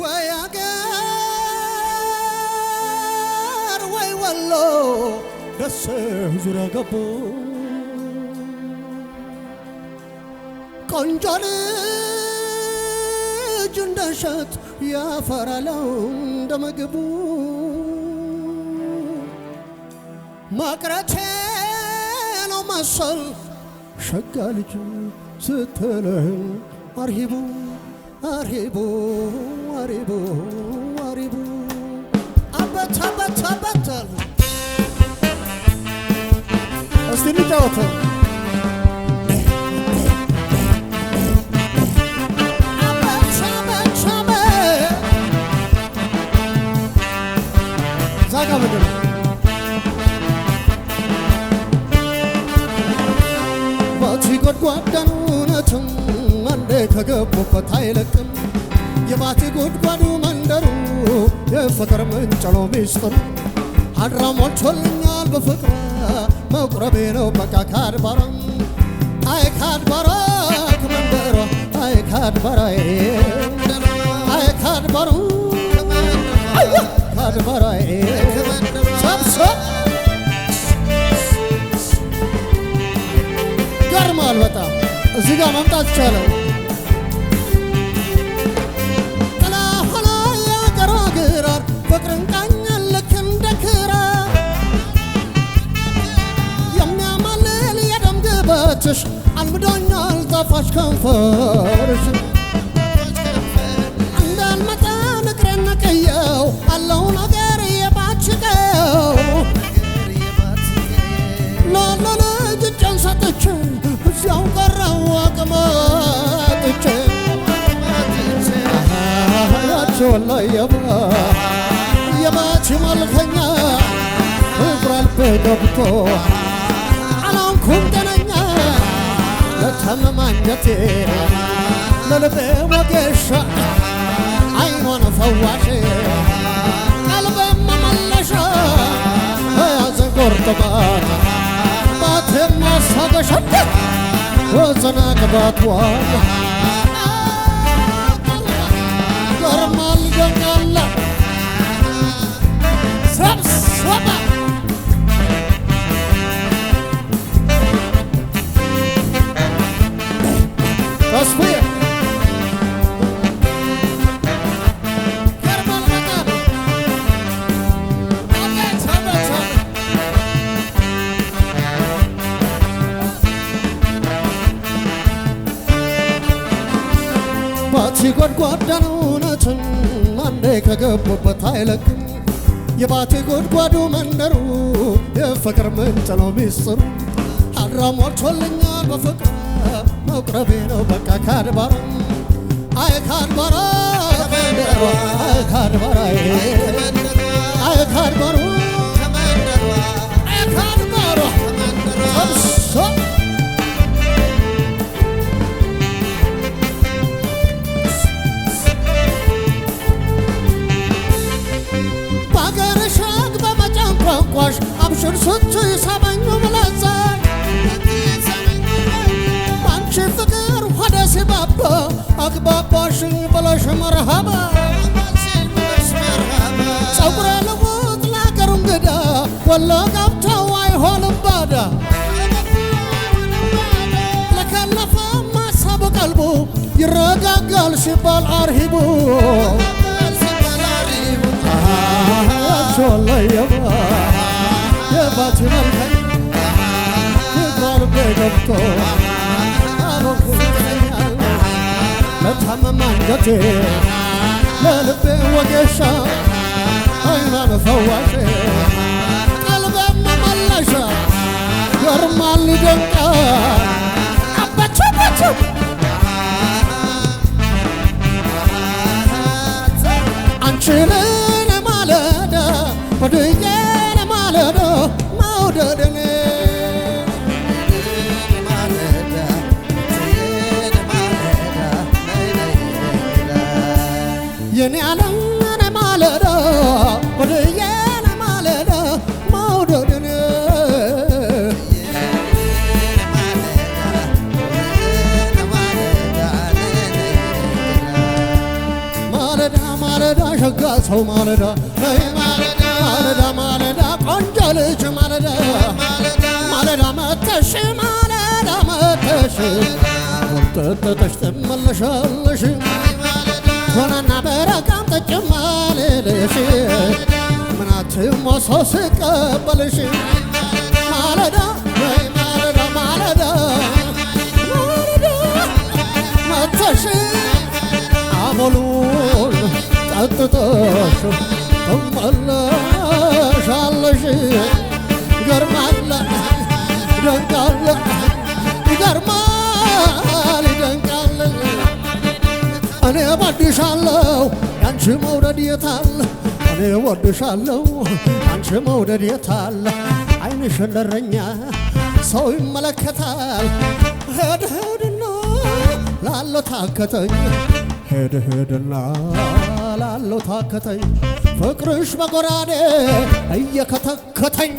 ወያገር ያፈራለው እንደ ምግቡ መቅረቴ ነው መሰል ሸጋ ልጅ ስትለኝ አርሂቡ አርሂቡ አርሂቡ አርሂቡ አበት አበት አበት እስቲ ዛጋ ከገቡበት አይለቅም የባቲ ጉድጓዱ መንደሩ የፍቅር ምንጭ ነው ሚስጥሩ በፍቅር መቁረቤ ነው በቃ ካድባራ አይ አይ አይ ካድባሩ ገርማል በጣም እዚህ ጋር መምጣት ይቻላል ከንፈርሽ እንዳልመጣ ፍቅሬን ነቅዬው አለው ነገር የባችቀው ሎሎ ልጅ እጄን ሰጥቼ እዚያው ቀረው አቅማጥቼ የማች መልከኛ እግሯ ገብቶ ከመማኘቴ ልልቤ ወጌሻ አይሆን ፈዋሽ ቀልቤ መመለሻ ያዘን ቁርጥማት ባትና ሳገሸት ወዘና ቅባት ገርማል ገኛላ ሰብሰባ ጎድጓዳ ነው እውነትን አንዴ ከገቡበት አይለቅም። የባቲ ጎድጓዱ መንደሩ የፍቅር ምንጭ ነው ሚስጥሩ አራሟልቶልኛል በፍቅር መቁረቤ ነው በቃ ካድባራ አይ ካድባራ ካድባራ ተረንቋሽ አብሽር ስትይ ሳመኝ ብለጸን አንቺ ፍቅር ሆደ ሲባባ አግባባሽኝ ብለሽ መርሃባ ጸጉረ ልውጥ ለአገር እንግዳ ወሎ ገብተው አይሆንም ባዳ ለከለፈ ማሳቡ ቀልቡ ይረጋጋል ሲባል አርሂቡ Chola አባት መልከን ፍቅሯን በገብቶ አሮኩኛል ለታመመ ለልቤ ወጌሻ አይኗን ፈዋሽ ቀልቤ መመለሻ ገርማል ይደንቃል የኔ ዓለም እኔ ማለዳ ወደዬ እኔ ማለዳ መውደድን ማለዳ ማለዳ ሸጋ ሰው ማለዳ ማለዳ ማለዳ ቆንጆ ልጅ ሞልተጠጠሽ ትመለሻለሽ ሆነና በረቃም ጠጭማልልሽ ምናትሞ ሰው ስቀበልሽ ማለዳ ወይ ማለዳ ማለዳ ማለዳ መተሽ አቦሉን ጠጥተሽ ትመለሻለሽ ገርማ እወድሻለሁ ያንቺ መውደድ የታለ እኔ እወድሻለሁ ያንቺ መውደድ የታለ አይንሽ እንደረኛ ሰው ይመለከታል ሄድ ሄድና ላለው ታከተኝ ሄድ ሄድና ላለው ታከተኝ ፍቅርሽ በጎራዴ እየከተከተኝ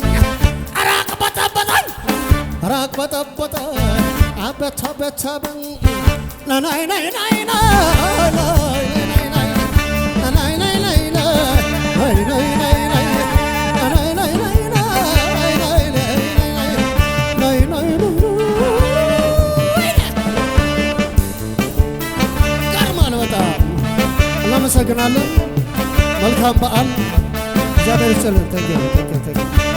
ራቅ በጠበጠኝ ራቅ በጠበጠ አበት አበት እናመሰግናለን። መልካም በዓል። እግዚአብሔር ይስጥልን።